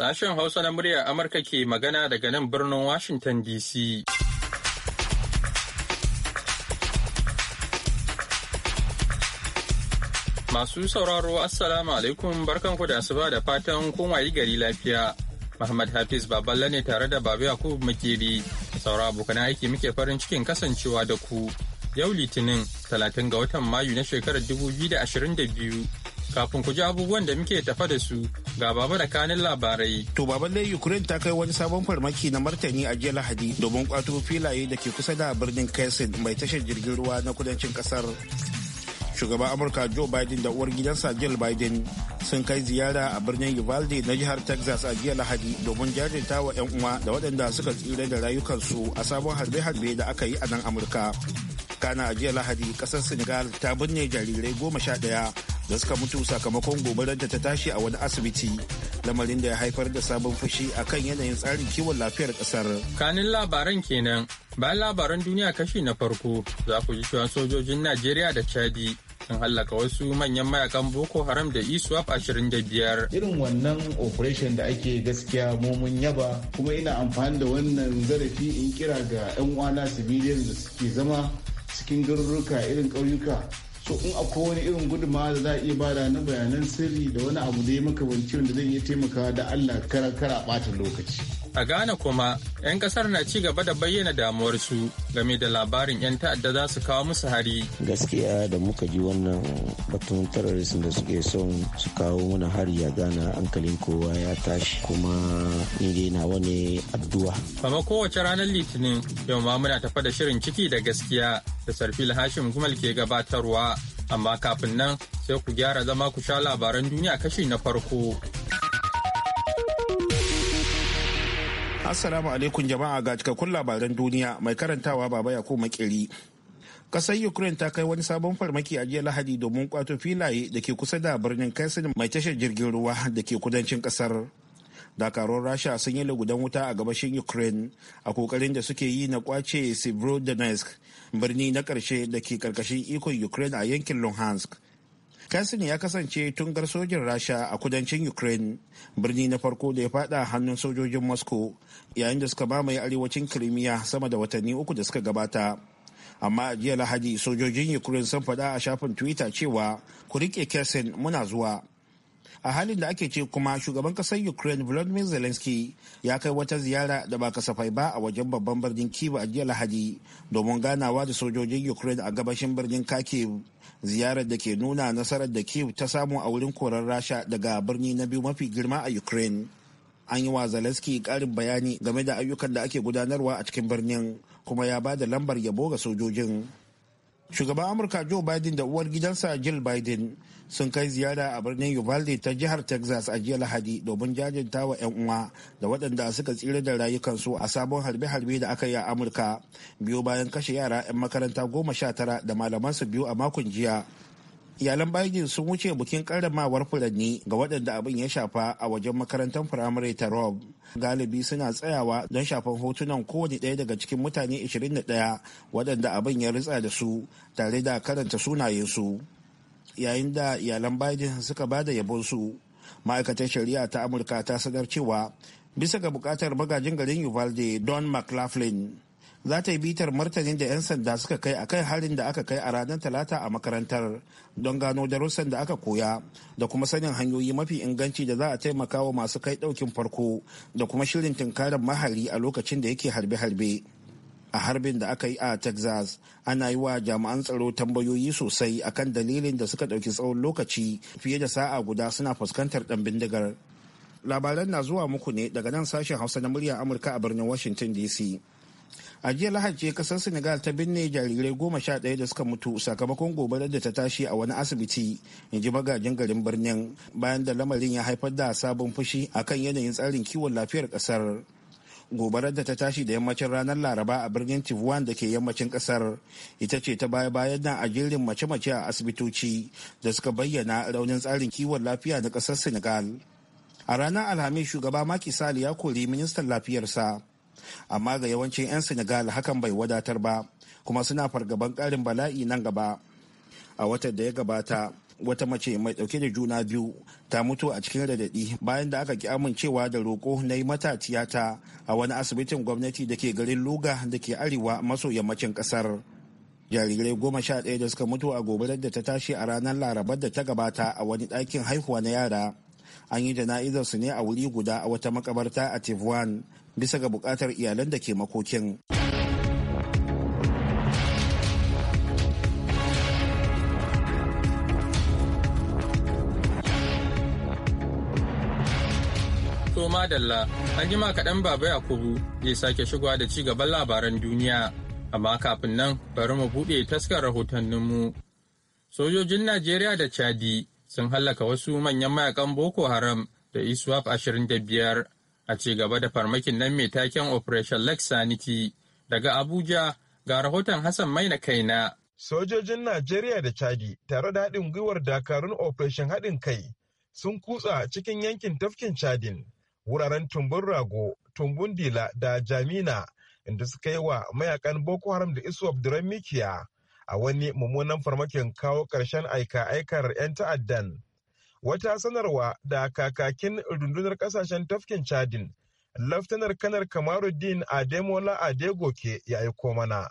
Sashen Hausa na muryar Amurka ke magana daga nan birnin Washington DC. Masu sauraro Assalamu alaikum barkanku da asuba da fatan kun wayi gari lafiya. Muhammad Hafiz Baballa ne tare da babu Yakubu Makeri. Saura abokan aiki muke farin cikin kasancewa da ku. Yau Litinin 30 ga watan Mayu na shekarar 2022. Kafin ku ji abubuwan da muke tafa da su ga baba da kanin labarai. To baban dai Ukraine ta kai wani sabon farmaki na martani a jiya Lahadi domin kwato filaye da ke kusa da birnin Kaisin mai tashar jirgin ruwa na kudancin kasar. Shugaban Amurka Joe Biden da uwar gidansa Jill Biden sun kai ziyara a birnin Uvalde na jihar Texas a jiya Lahadi domin jajirta wa 'yan uwa da waɗanda suka tsira da rayukansu a sabon harbe-harbe da aka yi a nan Amurka. Kana a jiya Lahadi ƙasar Senegal ta binne jarirai goma sha ɗaya da suka mutu sakamakon gobarar da ta tashi a wani asibiti lamarin da ya haifar da sabon fushi a kan yanayin tsarin kiwon lafiyar kasar. kanin labaran kenan bayan labaran duniya kashi na farko za ku ji cewa sojojin najeriya da chadi sun hallaka wasu manyan mayakan boko haram da iswap e biyar. irin wannan operation da ake gaskiya mumun yaba kuma ina amfani da wannan zarafi in kira ga 'yan uwana civilians da suke zama cikin garuruka irin ƙauyuka to in akwai wani irin gudunmawa da za a iya bada na bayanan sirri da wani abu da ya da wanda zai iya taimakawa da Allah kara kara bata lokaci. A Ghana kuma 'yan kasar na ci gaba da bayyana damuwarsu game da labarin 'yan ta'adda za su kawo musu hari. Gaskiya da muka ji wannan batun terrorism da suke son su kawo mana hari a Ghana hankalin kowa ya tashi kuma ni dai nawa ne addu'a. Kama kowace ranar Litinin yau ma muna tafa da shirin ciki da gaskiya da Sarfil Hashim Gumal ke gabatarwa. Amma kafin nan sai ku gyara zama ku sha labaran duniya kashi na farko. Assalamu alaikum jama'a ga cikakkun labaran duniya mai karantawa baba ya ko makiri. kasar ukraine ta kai wani sabon farmaki a jiya lahadi domin kwato filaye da ke kusa da birnin kaisin mai tashar jirgin ruwa da ke kudancin kasar dakarun rasha sun yi lagudan wuta a gabashin ukraine a kokarin da suke yi na kwace sibrodonetsk birni na ƙarshe da ke ƙarƙashin ikon ukraine a yankin luhansk kasin ya kasance tungar sojin rasha a kudancin ukraine birni na farko da ya fada hannun sojojin moscow yayin da suka mamaye arewacin kirimiya sama da watanni uku da suka gabata amma a jiya lahadi sojojin ukraine sun faɗa a shafin twitter cewa ku rike kasin muna zuwa a halin da ake ce kuma shugaban kasar ukraine volodymyr zelensky ya kai wata ziyara da ba kasafai ba a wajen babban birnin kiba a jiya lahadi domin ganawa da sojojin ukraine a gabashin birnin kharkiv ziyarar da ke nuna nasarar da kiev ta samu a wurin korar rasha daga birni na biyu mafi girma a ukraine an yi wa zelensky karin bayani game da ayyukan da ake gudanarwa a cikin birnin kuma ya ba da lambar yabo ga sojojin shugaban amurka joe biden da uwar gidansa jill biden sun kai ziyara a birnin uvalde ta jihar texas a jiya lahadi domin jajinta wa 'yan uwa da waɗanda suka tsira da rayukansu a sabon harbe-harbe da aka yi a amurka biyu bayan kashe yara 'yan makaranta goma sha tara da malamansu biyu a makon jiya iyalan biden sun wuce bikin karramawar furanni ga waɗanda abin ya shafa a wajen makarantar firamare ta rob galibi suna tsayawa don shafan hotunan kowane ɗaya daga cikin mutane 21 waɗanda abin ya ritsa da su tare da karanta sunayen su. yayin da iyalan biden suka ba da yabon su ma'aikatar shari'a ta amurka ta sanar cewa bisa ga bukatar magajin garin uvalde don mclaughlin za ta yi bitar martanin da 'yan sanda suka kai a kai harin da aka kai a ranar talata a makarantar don gano darussan da aka koya da kuma sanin hanyoyi mafi inganci da za a taimaka wa masu kai daukin farko da kuma shirin tunkarar mahari a lokacin da yake harbe-harbe a harbin da aka yi a texas ana yi wa jami'an tsaro tambayoyi sosai akan dalilin da suka dauki tsawon lokaci fiye da sa'a guda suna fuskantar ɗan bindigar labaran na zuwa muku ne daga nan sashen hausa na murya amurka a birnin washington dc a jiya lahar kasar senegal ta binne jarirai goma sha ɗaya da suka mutu sakamakon gobarar da ta tashi a wani asibiti in ji magajin garin birnin bayan da lamarin ya haifar da sabon fushi a kan yanayin tsarin kiwon lafiyar kasar gobarar da ta tashi da yammacin ranar laraba a birnin tivuan da ke yammacin kasar ita ce ta baya bayan nan a jirin mace-mace a asibitoci da suka bayyana raunin tsarin kiwon lafiya na kasar senegal a ranar alhamis shugaba maki Sall ya kori ministan lafiyarsa amma ga yawancin 'yan senegal hakan bai wadatar ba kuma suna fargaban karin bala'i nan gaba a watan da ya gabata wata mace mai ɗauke da juna biyu ta mutu a cikin radadi bayan da aka ki amincewa da roko na yi mata tiyata a wani asibitin gwamnati da ke garin luga da ke arewa maso yammacin ƙasar jarirai goma sha ɗaya da suka mutu a gobarar da ta tashi a ranar larabar da ta gabata a wani ɗakin haihuwa na yara an yi jana'izar su ne a wuri guda a wata makabarta a tivuan bisa ga bukatar iyalan da ke makokin to madalla an jima kaɗan baba yakubu zai sake shigowa da ci gaban labaran duniya amma kafin nan bari mu buɗe taskar rahotanninmu sojojin najeriya da chadi sun hallaka wasu manyan mayakan Boko Haram da ISWAP 25 a cigaba da farmakin nan mai taken Operation Lexanity daga Abuja ga rahoton Hassan Maina Kaina. Sojojin Najeriya da Chadi tare da haɗin gwiwar dakarun Operation haɗin kai sun kutsa cikin yankin tafkin Chadin wuraren Tumbun Rago, Tumbun Dila da Jamina inda suka yi wa mayakan Boko Haram da ISWAP duran Mikiya a wani mummunan farmakin kawo ƙarshen aika-aikar 'yan ta'addan. Wata sanarwa da kakakin rundunar ƙasashen tafkin Chadin, Laftanar Kanar Kamaruddin Ademola Adegoke ya aiko mana.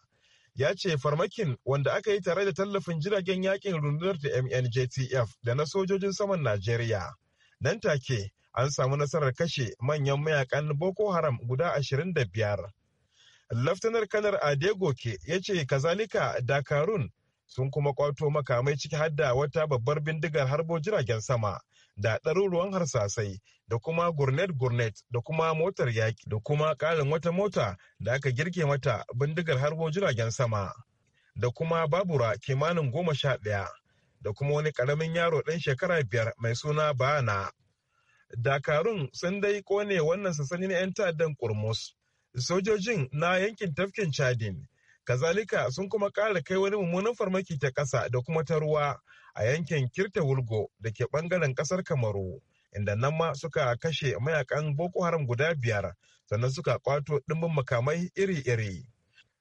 Ya ce farmakin wanda aka yi tare da tallafin jiragen yakin rundunar da MNJTF da na sojojin saman Najeriya. Nan take an samu nasarar kashe manyan mayakan Boko Haram guda 25 Laftanar Kanar Adegoke ya ce kazalika Dakarun sun kuma kwato makamai ciki hadda da wata babbar bindigar harbo jiragen sama da ɗaruruwan harsasai da kuma gurnet gurnet da kuma motar yaƙi da kuma ƙarin wata mota da aka girke mata bindigar harbo jiragen sama da kuma babura kimanin goma sha ɗaya da kuma wani ƙaramin yaro ɗan shekara biyar mai suna bana dakarun sun dai kone wannan sansani na 'yan ta'addan kurmus sojojin na yankin tafkin chadin kazalika sun kuma ƙara kai wani mummunan farmaki ta ƙasa da kuma ta ruwa a yankin kirta wulgo da ke ɓangaren ƙasar kamaru inda nan ma suka kashe mayakan boko haram guda biyar sannan suka kwato ɗimbin makamai iri-iri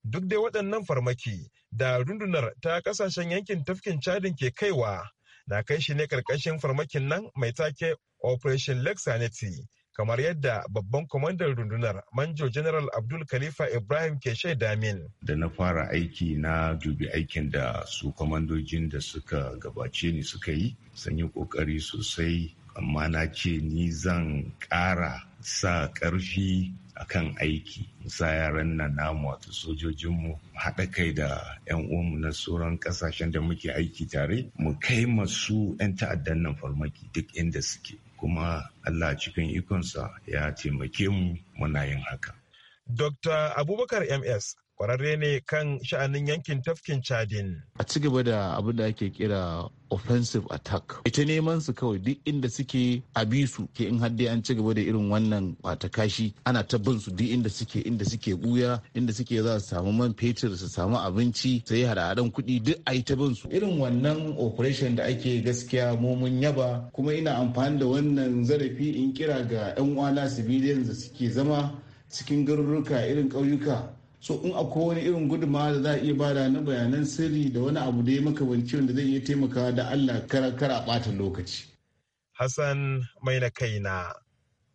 duk dai waɗannan farmaki da rundunar ta ƙasashen yankin tafkin chadin ke kaiwa na kai shi ne ƙarƙashin farmakin nan mai take operation lake sanity kamar yadda babban kwamandan rundunar manjo general abdul khalifa ibrahim ke shaida min da na fara aiki na dubi aikin da su kwamandojin da suka gabace ni suka yi sun yi kokari sosai amma na ce ni zan ƙara sa ƙarfi kan aiki sa yaran nan namu wato sojojinmu haɗa kai da 'yan uwanmu na sauran ƙasashen da muke aiki tare mu kai masu 'yan ta'addan nan farmaki duk inda suke kuma Allah cikin ikonsa ya taimake mu muna yin haka. Dr. Abubakar MS kwararre ne kan sha'anin yankin tafkin chadin a cigaba da abin da ake kira offensive attack ita neman su kawai duk inda suke a bisu su ke in haddi an ci gaba da irin wannan bata ana ta su duk inda suke inda suke buya inda suke za su samu man fetur su samu abinci sai hada-hadan kuɗi duk a yi ta su irin wannan operation da ake gaskiya mu mun yaba kuma ina amfani da wannan zarafi in kira ga 'yan uwana civilians da suke zama cikin garuruka irin ƙauyuka so in akwai wani irin guduma da za a iya bada na bayanan sirri da wani abu da ya makamanci wanda zai iya taimakawa da Allah kara kara bata lokaci. Hassan mai na kaina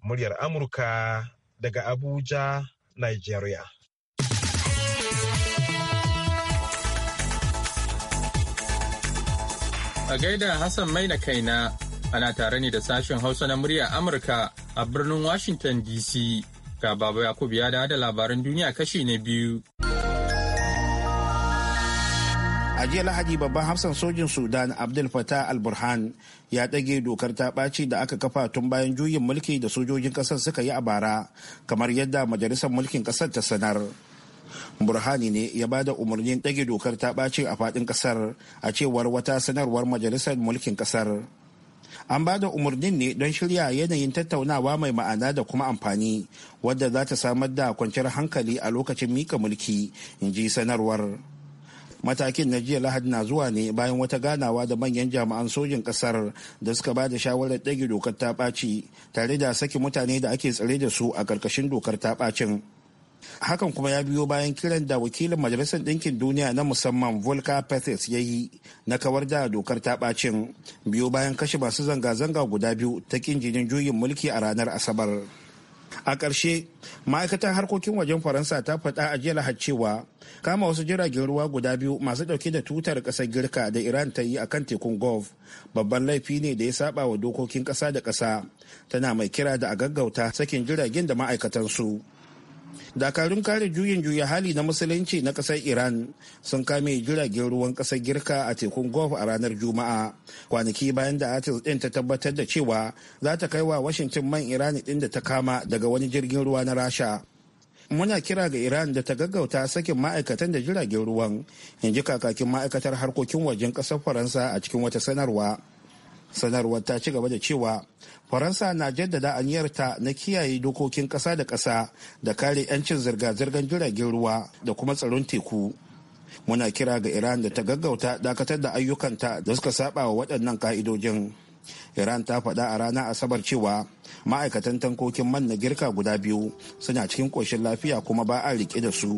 muryar Amurka daga Abuja, Nigeria. A gaida Hassan mai na kaina ana tare ne da sashen Hausa na muryar Amurka a birnin Washington DC. Ga Baba Yakub ya dawo da labaran duniya kashi na biyu. a jiya lahadi babban hafsan sojin sudan abdul fattah al-burhan ya ɗage dokar ta ɓaci da aka kafa tun bayan juyin mulki da sojojin ƙasar suka yi a bara kamar yadda majalisar mulkin ƙasar ta sanar burhani ne ya ba da umarnin ɗage dokar ta ɓaci a faɗin ƙasar a cewar wata sanarwar majalisar mulkin ƙasar an ba da umarnin ne don shirya yanayin tattaunawa mai ma'ana da kuma amfani wadda za ta samar da kwanciyar hankali a lokacin mika mulki in ji sanarwar matakin na jiya lahadi na zuwa ne bayan wata ganawa da manyan jami'an sojin kasar da suka ba da shawarar ɗage dokar ta ɓaci tare da saki mutane da ake tsare da su a ƙarƙashin dokar ta ɓacin hakan kuma ya biyo bayan kiran da wakilin majalisar ɗinkin duniya na musamman volker pethes ya yi na kawar da dokar ta biyo bayan kashe masu zanga-zanga guda biyu ta ƙinjinin juyin mulki a ranar asabar a ƙarshe ma'aikatan harkokin wajen faransa ta faɗa a jiya cewa kama wasu jiragen ruwa guda biyu masu ɗauke da tutar ƙasar girka da iran ta yi akan tekun gulf babban laifi ne da ya saɓa wa dokokin ƙasa da ƙasa tana mai kira da a gaggauta sakin jiragen da ma'aikatansu dakarun kare juyin juya hali na musulunci na kasar iran sun kame jiragen ruwan kasar girka a tekun gulf a ranar juma'a kwanaki bayan da atis din ta tabbatar da cewa za ta kai wa washington man iran din da ta kama daga wani jirgin ruwa na rasha muna kira ga iran da ta gaggauta sakin ma'aikatan da jiragen ruwan in ji kakakin ma'aikatar harkokin wajen kasar faransa a cikin wata sanarwa sanarwar ta ci gaba da cewa faransa na jaddada aniyarta na kiyaye dokokin ƙasa da ƙasa da kare 'yancin zirga-zirgar jiragen ruwa da kuma tsaron teku muna kira ga iran da ta gaggauta dakatar da ayyukanta da suka saba wa waɗannan ka'idojin iran ta faɗa a ranar asabar cewa ma'aikatan tankokin man na girka guda biyu suna cikin ƙoshin lafiya kuma ba a riƙe da su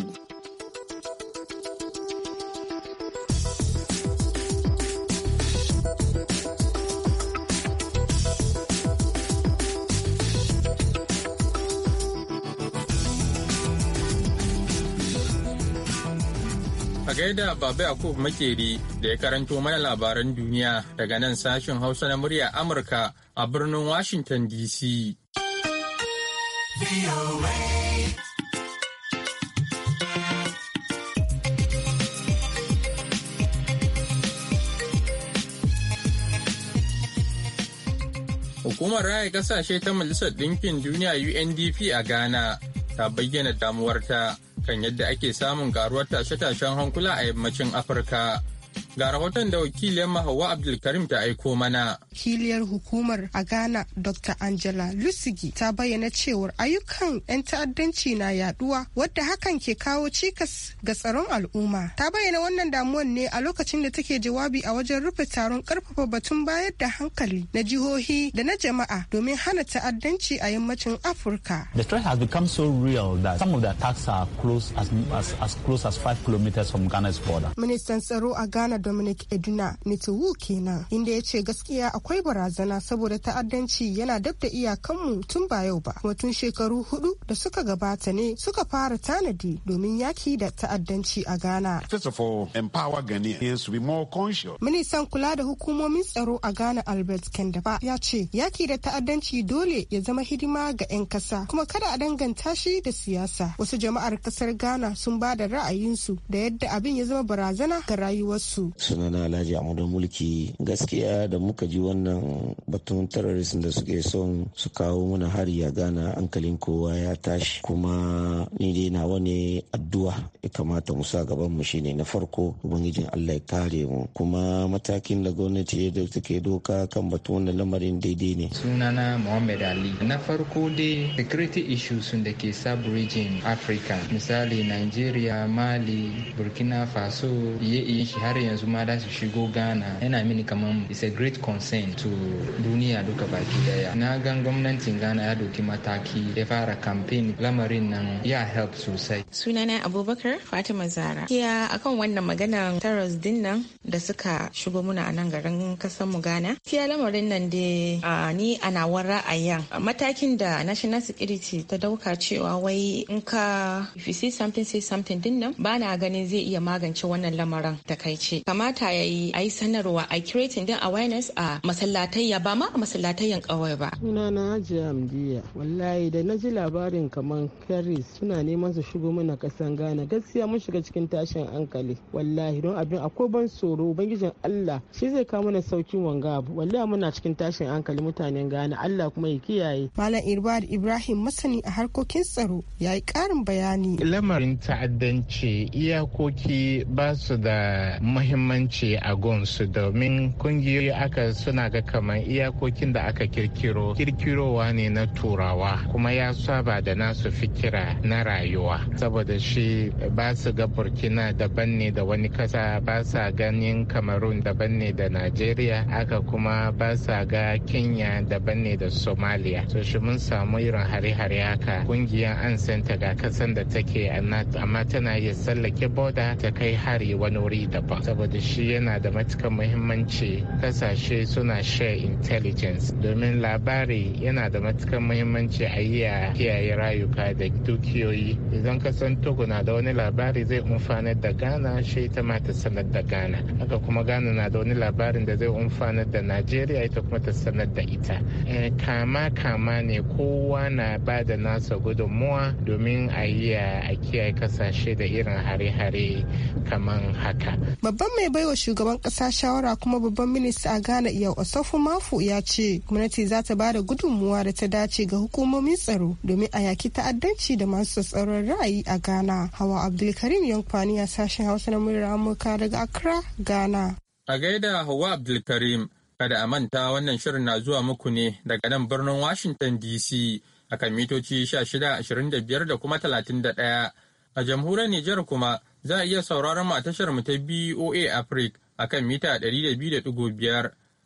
gaida Baba Yakub Makeri da ya karanto mana labaran duniya daga nan sashen Hausa na murya Amurka a birnin Washington DC. Hukumar raya kasashe ta Majalisar Ɗinkin Duniya UNDP a Ghana ta bayyana damuwarta kan yadda ake samun karuwar tashe-tashen hankula a yammacin Afirka. Ga rahoton da wakiliyar Hauwa Abdulkarim ta aiko mana. wakiliyar hukumar a Ghana Dr. Angela Lusigi ta bayyana cewar ayyukan 'yan ta'addanci na yaduwa wadda hakan ke kawo cikas ga tsaron al'umma. Ta bayyana wannan damuwan ne a lokacin da take jawabi a wajen rufe taron karfafa batun bayar da hankali na jihohi da na jama'a domin hana ta'addanci a yammacin Afirka. The has become so real that some of the Ministan tsaro a Ghana Dominic Eduna Nitiwu kenan inda ya ce gaskiya akwai barazana saboda ta'addanci yana dab da iyakanmu tun ba yau ba kuma tun shekaru hudu da suka gabata ne suka fara tanadi domin yaki da ta'addanci a ghana ministan kula da hukumomin tsaro a ghana albert kendaba ya ce yaki da ta'addanci dole ya zama hidima ga 'yan kasa kuma kada a danganta shi da siyasa wasu jama'ar kasar ghana sun ba da ra'ayinsu da yadda abin ya zama barazana ga rayuwarsu sunana alhaji amadu mulki gaskiya da muka ji wani wannan batun terrorism da suke son su kawo mana hari ya gana hankalin kowa ya tashi kuma ni dai nawa ne addu'a ya kamata mu sa gaban mu shine na farko ubangijin Allah ya kare mu kuma matakin da gwamnati ya ke doka kan batun wannan lamarin daidai ne sunana Muhammad Ali na farko dai security issues da ke sub region Africa misali Nigeria Mali Burkina Faso iye iye shi har yanzu ma da su shigo Ghana yana mini kaman is a great concern to duniya duka baki daya na gan gwamnatin ghana ya doki mataki ya fara kamfen lamarin nan ya help sosai sunana abubakar fatima zara ya akan wannan maganar taras din nan da suka shigo muna a nan garin kasar mu ghana kiya lamarin nan da ni a nawar ra'ayin matakin da national security ta dauka cewa wai in ka if you see something say something din nan ba na ganin zai iya magance wannan lamarin takaice kamata ya yi a yi sanarwa a creating din awareness a masallatayya ba ma a masallatayyan kawai ba. Sunana Hajiya Amdiya. Wallahi da na ji labarin kamar Paris suna neman su shigo mana kasan Ghana gaskiya mun shiga cikin tashin hankali. Wallahi don abin akwai ban tsoro ubangijin Allah shi zai kawo mana saukin wanga abu. Wallahi muna cikin tashin hankali mutanen Ghana Allah kuma ya kiyaye. Malam Irbad Ibrahim masani a harkokin tsaro ya yi karin bayani. Lamarin ta'addanci iyakoki ba su da muhimmanci a gonsu domin kungiyoyi aka suna ga kamar iyakokin da aka kirkiro kirkirowa ne na turawa kuma ya saba da nasu fikira na rayuwa saboda shi ba su ga burkina daban ne da wani kasa ba sa ganin cameroon daban ne da nigeria aka kuma ba sa ga kenya daban ne da somalia so shi mun samu irin hare-hare haka kungiyar an santa ga kasan da take amma tana iya tsallake boda ta kai hari wani wuri daban saboda shi yana da matukar muhimmanci kasashe sun suna share intelligence domin labari yana da matukan muhimmanci a yi a kiyaye rayuka da dukiyoyi idan ka san togo na da wani labari zai umfana da ghana shi ita ma ta sanar da ghana haka kuma ghana na da wani labarin da zai umfana da nigeria ita kuma ta sanar da ita eh, kama kama ne kowa na ba da nasa gudunmuwa domin a yi a kiyaye kasashe da irin hare-hare kamar haka babban mai baiwa shugaban kasa shawara kuma babban minista a ghana iya osofu mafu ya ce gwamnati za ta ba da gudunmuwa da ta dace ga hukumomin tsaro domin a yaki ta'addanci da masu tsaron ra'ayi a ghana hawa abdulkarim yankwani ya sashen hausa na murar amurka daga accra ghana a gaida hawa abdulkarim kada a manta wannan shirin na zuwa muku ne daga nan birnin washington dc akan mitoci 1625 da kuma 31 a jamhuriyar Nijar kuma za a iya sauraron mu a tashar mu ta BOA Africa akan mita 200.5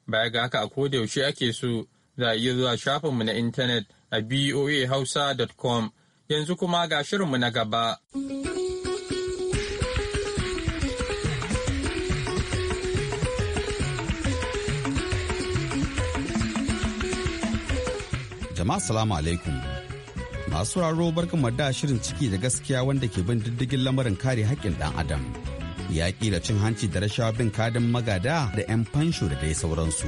Baya ga haka a kodayaushe ake so za a iya zuwa shafinmu na intanet a boahausa.com yanzu kuma ga shirinmu na gaba. Jama'a salamu alaikum. Masu raro barkan da shirin ciki da gaskiya wanda ke bin diddigin lamarin kare haƙƙin ɗan adam. ya da cin hanci da rashawa bin kadin magada da 'yan fansho da dai sauransu.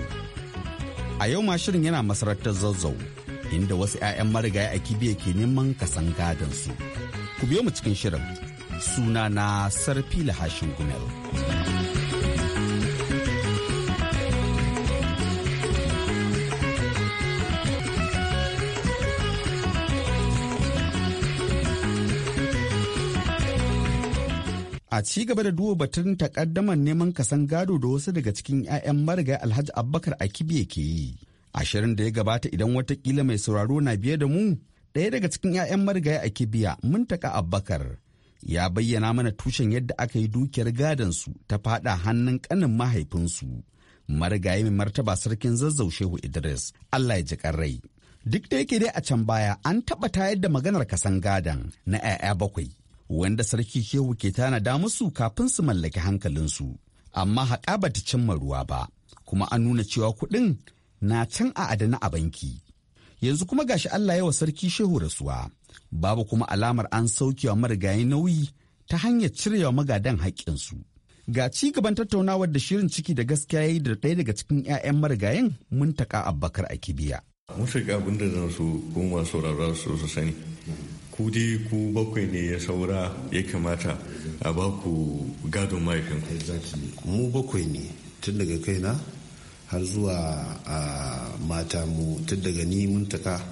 A yau ma shirin yana masarautar zazzau inda wasu 'ya'yan marigaya a kibiya ke neman kasan gadon su. Ku biyo mu cikin shirin suna na Sarfila Hashin Gumel. a ci gaba da duba batun takaddamar neman kasan gado da wasu daga cikin 'ya'yan marigayi alhaji abubakar akibiye ke yi ashirin da ya gabata idan watakila mai sauraro na biye da mu ɗaya daga cikin 'ya'yan marigayi akibiya muntaka abubakar ya bayyana mana tushen yadda aka yi dukiyar gadon su ta fada hannun kanin mahaifinsu marigayi mai martaba sarkin zazzau shehu idris allah ya ji rai duk da yake dai a can baya an taɓa tayar da maganar kasan gadon na 'ya'ya bakwai wanda sarki shehu ke tanada musu kafin su mallaki hankalinsu amma haƙa ba ta cimma ruwa ba kuma an nuna cewa kuɗin na can a adana a banki yanzu kuma gashi Allah yawa sarki shehu rasuwa babu kuma alamar an saukewa marigayi nauyi ta hanyar cirewa magadan su. ga ci gaban tattaunawar da shirin ciki da gaskiya yi da ɗaya daga cikin 'ya'yan marigayin muntaka abbakar a kibiya mun shiga abin da zan su kuma sauraron su su sani ku ku bakwai ne ya saura ya kamata a ba ku gadon mahaifinku mu bakwai ne tun daga kaina har zuwa a mata mu tun daga ni muntaka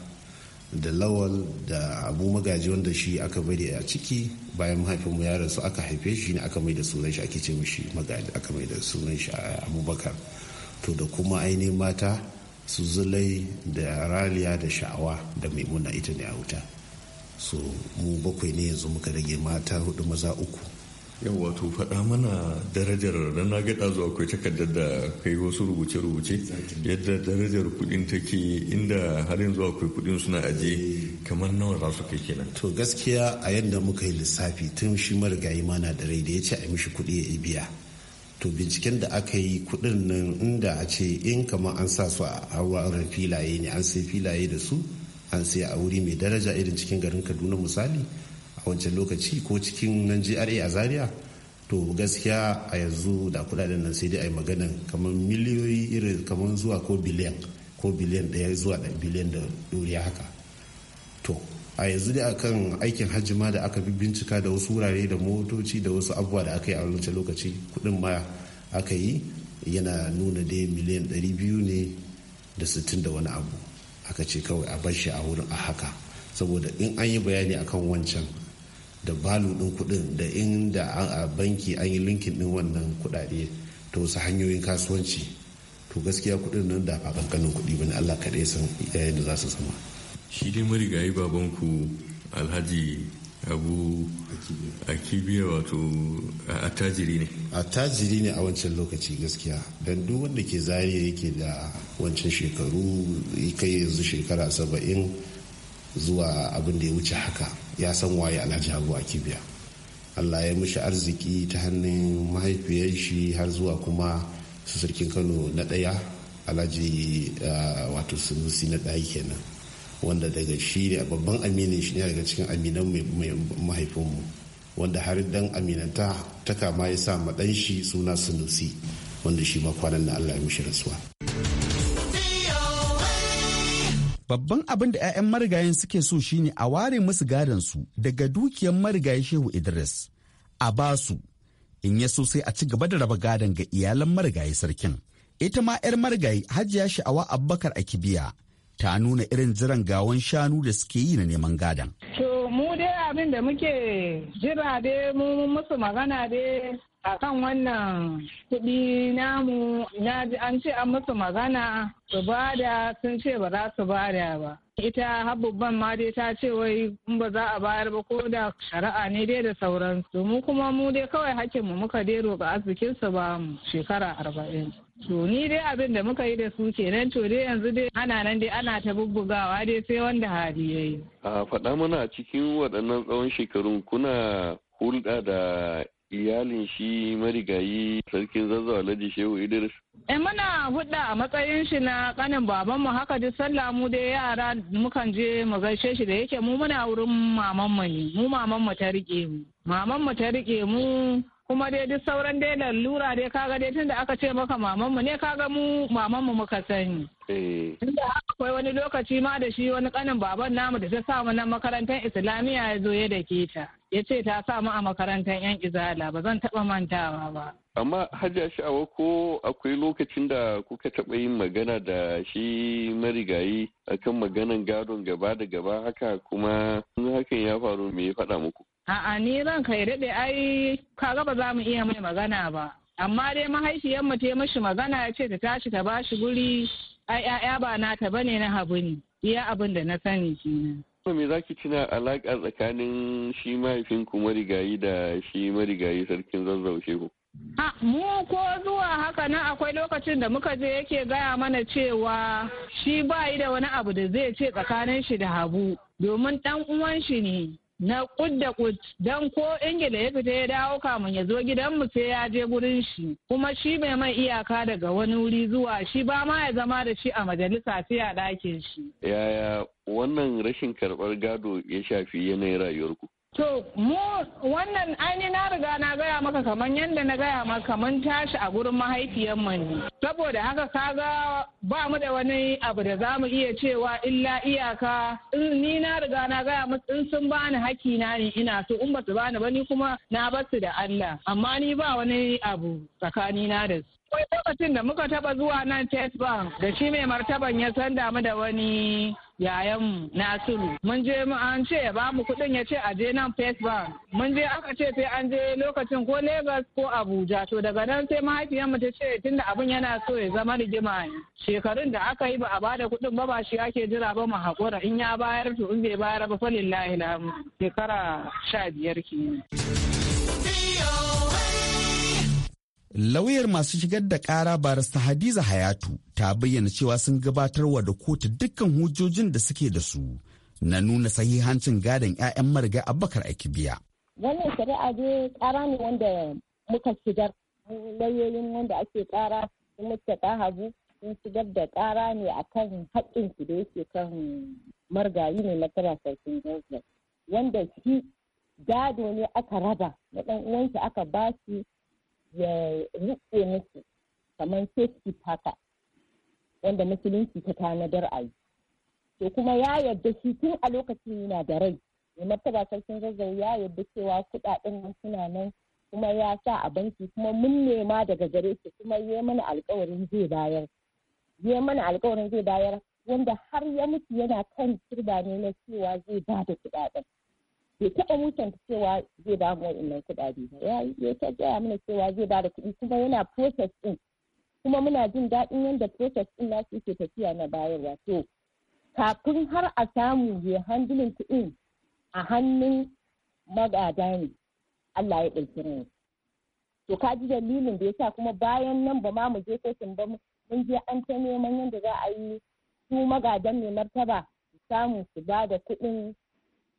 da lawal da abu magaji wanda shi aka bari a ciki bayan mu ya rasu aka haife shi ne aka mai da sunan shi ake ce mishi magaji aka mai da sunan shi a abubakar to da kuma ainihin mata su zulai da raliya da sha'awa da maimuna ita ne a wuta so mu bakwai ne yanzu muka rage mata hudu maza uku yau wato faɗa mana darajar da na gaɗa zuwa kai takardar da kai wasu rubuce-rubuce yadda darajar kuɗin take inda har yanzu akwai kuɗin suna aje kamar nawa za su kai kenan to gaskiya a yadda muka yi lissafi tun shi marigayi mana da rai da ya ce a mishi kuɗi ya biya to binciken da aka yi kuɗin nan inda a ce in kamar an sa su a auren filaye ne an sai filaye da su an saya a wuri mai daraja irin cikin garin kaduna misali a wancan lokaci ko cikin nan gra a zaria to gaskiya a yanzu da kudaden nan sai dai a yi maganan kamar miliyoyi irin kamar zuwa ko biliyan ko biliyan daya zuwa biliyan da doriya haka to a yanzu dai akan aikin hajji da aka fi bincika da wasu wurare da motoci da wasu abubuwa da aka yi a wancan lokaci kudin ma aka yi yana nuna dai miliyan 200 ne da sittin da wani abu aka ce kawai a bar shi a wurin a haka saboda in an yi bayani akan wancan da balu ɗin kudin da in inda a banki an yi linkin ɗin wannan kudade ta wasu hanyoyin kasuwanci to gaskiya kudin nan da ba kankanin kudi bane Allah kaɗai san yayin da za su zama shi dai marigayi babanku alhaji abu a kibiya wato tajiri ne A tajiri ne a wancan lokaci gaskiya don duk wanda ke zariya yake da wancan shekaru kai yanzu shekara saba'in zuwa abin da ya wuce haka ya san waye alhaji habu a kibiya allah ya mishi arziki ta hannun mahaifiyar shi har zuwa kuma su sarkin kano na ɗaya alhaji wato sunusi na ɗaya kenan wanda daga shi ne babban aminin shi ne daga cikin aminan mahaifinmu wanda har dan aminanta ta kama ya sa maɗan shi suna sunusi wanda shi ma kwanan na Allah ya mishi rasuwa. Babban abin da 'ya'yan marigayen suke so shine a ware musu su daga dukiyar marigayi Shehu Idris a basu in ya so sai a ci gaba da raba gadon ga iyalan marigayi sarkin. Ita ma 'yar marigayi Hajiya Sha'awa Abubakar a kibiya ta nuna irin jiran gawan shanu da suke yi na neman gadan. To mu dai abin da muke jira dai mu musu magana dai a kan wannan kuɗi namu na an ce an musu magana su bada sun ce ba za su bada ba. ita habubban ma dai ta ce wai in ba za a bayar ba ko da shari'a ne dai da sauransu mu kuma mu dai kawai hakkin mu muka dai roƙa arzikinsu ba mu shekara arba'in To ni dai abin da muka yi da su kenan to dai yanzu dai ana nan dai ana ta bubbugawa dai sai wanda hali ya yi. A faɗa mana cikin waɗannan tsawon shekarun kuna hulɗa da iyalin shi marigayi sarkin zazzawa laji Shehu Idris. E muna hudda a matsayin shi na kanin babanmu haka duk sallah mu dai yara mukan je mu gaishe shi da yake mu muna wurin mamanmu ne mu mamanmu ta rike mu. Mamanmu ta rike mu kuma dai duk sauran dai lallura dai kaga dai tunda aka ce maka mamanmu ne kaga mu mamanmu muka sani eh. tunda akwai wani lokaci ma da shi wani kanin baban namu da ta samu nan makarantar islamiyya ya zo ya da ta ya ce ta samu a makarantar yan izala ba zan taba mantawa ba amma hajja sha'awa ko akwai lokacin da kuka taɓa yin magana da shi marigayi akan maganan gadon gaba da gaba haka kuma hakan ya faru me ya faɗa muku A'a ni zan kai daɗe ai kaga ba za mu iya mai magana ba. Amma dai mahaifiyar mu ta mashi magana ya ce ta tashi ta bashi guri ai ƴaƴa ba nata bane na habu ne. Iya abin da na sani kenan. To me zaki tuna alaƙa tsakanin shi mahaifin ku marigayi da shi marigayi sarkin zazzaushe ku? Ha, mu ko zuwa haka nan akwai lokacin da muka je yake gaya mana cewa shi bayi da wani abu da zai ce tsakanin shi da habu domin ɗan uwan shi ne. na kud da kud dan ko ingila ya fita ya dawo kamun ya zo gidan mu sai ya je gurin shi kuma shi mai mai iyaka daga wani wuri zuwa shi ba ma ya zama da shi a majalisa sai a ɗakin shi yaya wannan rashin karɓar gado ya shafi yanayin rayuwarku To mu wannan aini na riga na gaya maka kaman yadda na gaya maka mun tashi a gurin mahaifiyar ne. Saboda haka kaga ba mu da wani abu da za mu iya cewa illa iyaka in ni na riga na gaya musu in sun bani haki na ne ina so in ba su bani ba ni kuma na basu da Allah amma ni ba wani abu tsakani na da su. Akwai lokacin da muka taba zuwa nan Chase Bank da shi mai martaban ya sanda mu da wani yayanmu Nasiru. Mun je an ce ya bamu kuɗin ya ce a je nan First Bank. Mun je aka ce sai an je lokacin ko Lagos ko Abuja. To daga nan sai mahaifiyarmu ta ce tunda abin yana so ya zama rigima ne. Shekarun da aka yi ba a bada kuɗin ba ba shi ake jira ba mu haƙura in ya bayar to in bai bayar ba falin lamu. Shekara sha biyar kenan. lauyar masu shigar da kara barista hadiza hayatu ta bayyana cewa sun gabatarwa da kotu dukkan hujjojin da suke da su na nuna sahihancin gadon 'ya'yan mariga abakar akibiya wannan shari'a je kara ne wanda muka shigar lauyoyin wanda ake kara sun ta habu sun shigar da kara ne akan haƙƙin su da yake kan margayi ne nasara sarkin wanda shi gado ne aka raba na ɗan uwansa aka bashi ya rike musu kamar safety haka wanda musulunci ta tanadar a yi to kuma ya yarda shi tun a lokacin yana da rai mai martaba sarkin zazzau ya yarda cewa kuɗaɗen nan suna nan kuma ya sa a banki kuma mun nema daga gare shi kuma ya mana alkawarin zai bayar ya mana alkawarin zai bayar wanda har ya mutu yana kan turba ne na cewa zai ba da kuɗaɗen bai taɓa mutunta cewa zai ba mu wa'annan kuɗaɗe ba ya ya ta gaya mana cewa zai ba da kuɗi kuma yana process ɗin kuma muna jin daɗin yadda process ɗin nasu yake tafiya na bayarwa to kafin har a samu ya handling kuɗin a hannun magada ne Allah ya ɗauki rai to ka ji dalilin da yasa kuma bayan nan ba ma mu je kotun ba mun je an ta neman yadda za a yi su magadan ne martaba samu su ba da kuɗin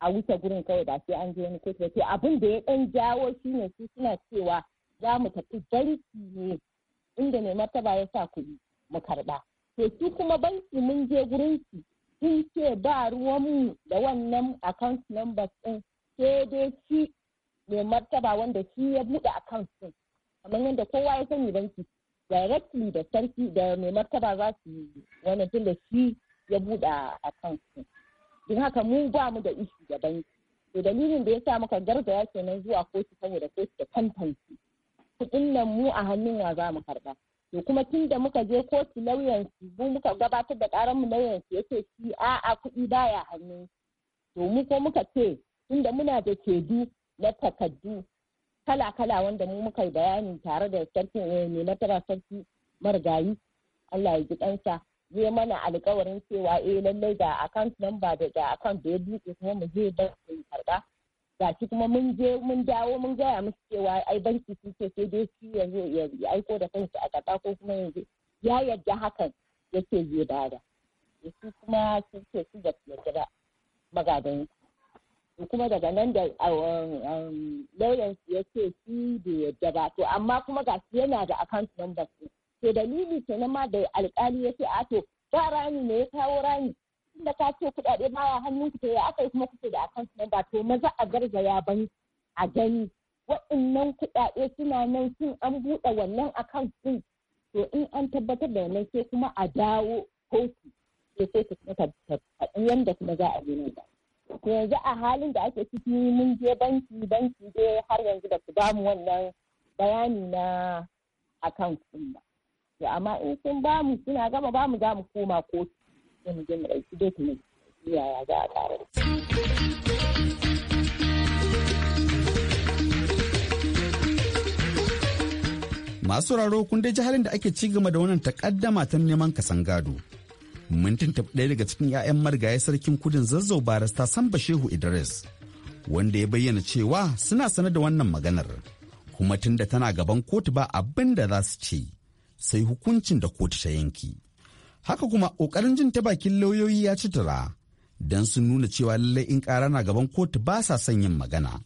a wuce gurin kawai ba sai an je wani kotu ba abin da ya dan jawo shine su suna cewa za mu tafi banki ne inda mai martaba ya sa kuɗi mu karɓa to shi kuma banki mun je gurin su sun ce ba ruwanmu da wannan account numbers ɗin sai dai shi mai martaba wanda shi ya buɗe account ɗin kamar yadda kowa ya sani banki directly da sarki da mai martaba za su yi wani tun da shi ya buɗe account ɗin don haka mu ba mu da ishi da banki to dalilin da ya sa muka gargaya kenan zuwa kotu saboda kotu ta tantance kuɗin nan mu a hannun wa za mu karɓa to kuma tun da muka je kotu lauyan su mu muka gabatar da ƙaran mu lauyan su yace shi a'a kuɗi baya hannun to mu ko muka ce tunda muna da shaidu na takaddu kala-kala wanda mu muka yi bayani tare da sarki eh, na tara sarki marigayi Allah ya ji ɗansa zai mana alkawarin cewa eh lallai ga account number da ga account da ya buɗe kuma mu je banki mu karɓa ga shi kuma mun je mun dawo mun gaya musu cewa ai banki sun ce sai dai shi ya zo ya aiko da kansa a karɓa ko kuma yanzu ya yarda hakan yake zai bada su kuma sun ce su da yarda ba magadan kuma daga nan da um, um, lauyan ya ce shi da yadda ba to amma kuma ga yana da account number ke dalili na ma da alkali ya ce a to ba rani ne ya kawo rani inda ka ce kuɗaɗe baya hannun ku ta ya aka kuma kuke da su ba to maza a garzaya ban a gani waɗannan kuɗaɗe suna nan sun an buɗe wannan akant din to in an tabbatar da wannan sai kuma a dawo kotu sai ta kuma tabbatar yanda kuma za a yi ba to yanzu a halin da ake ciki mun je banki banki dai har yanzu da su bamu wannan bayani na akan din ba to amma in sun ba mu suna gama ba mu za mu koma kotu sai mu je mu ɗauki document yaya za a ƙara. Masu raro kun dai halin da ake ci da wannan takaddama ta neman kasan gado. Mun tuntuɓi ɗaya daga cikin 'ya'yan marigaye sarkin kudin zazzau barasta Samba Shehu Idris, wanda ya bayyana cewa suna sanar da wannan maganar, kuma tun da tana gaban kotu ba abinda da za su ce. sai hukuncin da kotu ta yanki. Haka kuma ƙoƙarin jin ta bakin lauyoyi ya ci tara. don sun nuna cewa lallai in ƙara na gaban kotu ba sa son yin magana.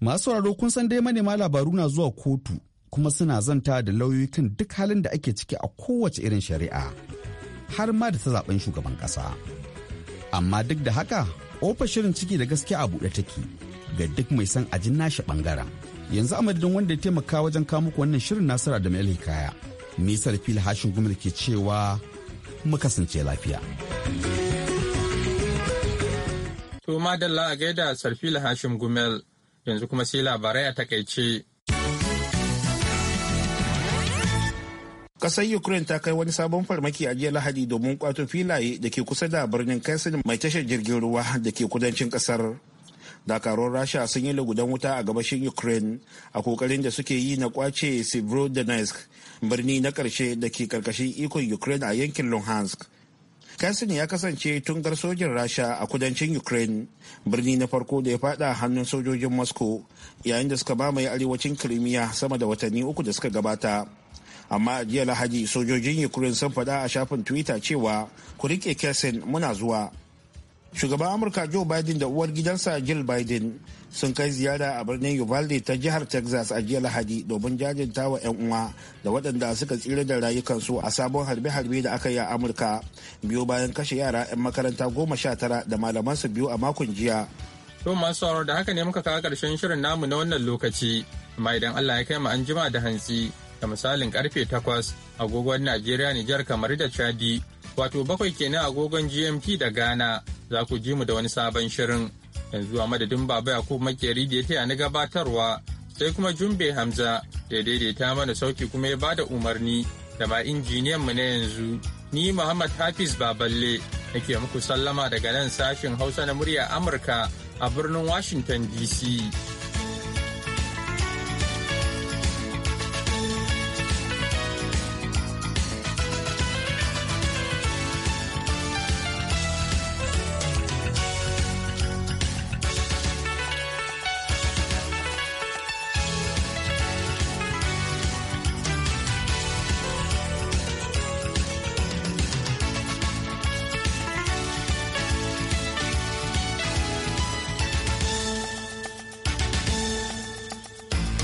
Masu sauraro kun san dai manema labaru na zuwa kotu kuma suna zanta da lauyoyi kan duk halin da ake ciki a kowace irin shari'a har ma da ta zaben shugaban ƙasa. Amma duk da haka ofa shirin ciki da gaske a buɗe take ga duk mai son jin nashi ɓangaren. Yanzu a madadin wanda ya taimaka wajen kawo wannan shirin nasara da Mel Hikaya. nisar fil hashin gumil ke cewa mu kasance lafiya. To madalla a gaida sarfi hashim gumel yanzu kuma sai labarai a takaice. Kasar Ukraine ta kai wani sabon farmaki a jiya Lahadi domin kwato filaye da ke kusa da birnin Kansin mai tashar jirgin ruwa da ke kudancin kasar. dakarun rasha sun yi lugudan wuta a gabashin ukraine a kokarin da suke yi na kwace severodonetsk birni na karshe da ke karkashin ikon ukraine a yankin luhansk kasin ya kasance tungar sojin rasha a kudancin ukraine birni na farko da ya fada hannun sojojin moscow yayin da suka mamaye arewacin kirimiya sama da watanni uku da suka gabata amma a jiya lahadi sojojin ukraine sun faɗa a shafin twitter cewa ku rike kasin muna zuwa shugaban amurka joe biden da uwar gidansa jill biden sun kai ziyara a birnin uvalde ta jihar texas a jiya lahadi domin jajinta wa 'yan uwa da waɗanda suka tsira da rayukansu a sabon harbe-harbe da aka yi a amurka biyu bayan kashe yara 'yan makaranta goma sha tara da malamansu biyu a makon jiya to masu sauraro da haka ne muka kawo karshen shirin namu na wannan lokaci amma idan allah ya kai mu an jima da hantsi da misalin karfe takwas agogon najeriya nijar kamar da chadi wato bakwai kenan agogon gmt da ghana za ku ji mu da wani sabon shirin yanzu a madadin baba yakub makeri da ya taya na gabatarwa sai kuma jumbe hamza da daidaita mana sauki kuma ya bada umarni da ba injiniyan mu na yanzu ni muhammad hafiz baballe nake muku sallama daga nan sashin hausa na murya amurka a birnin washington dc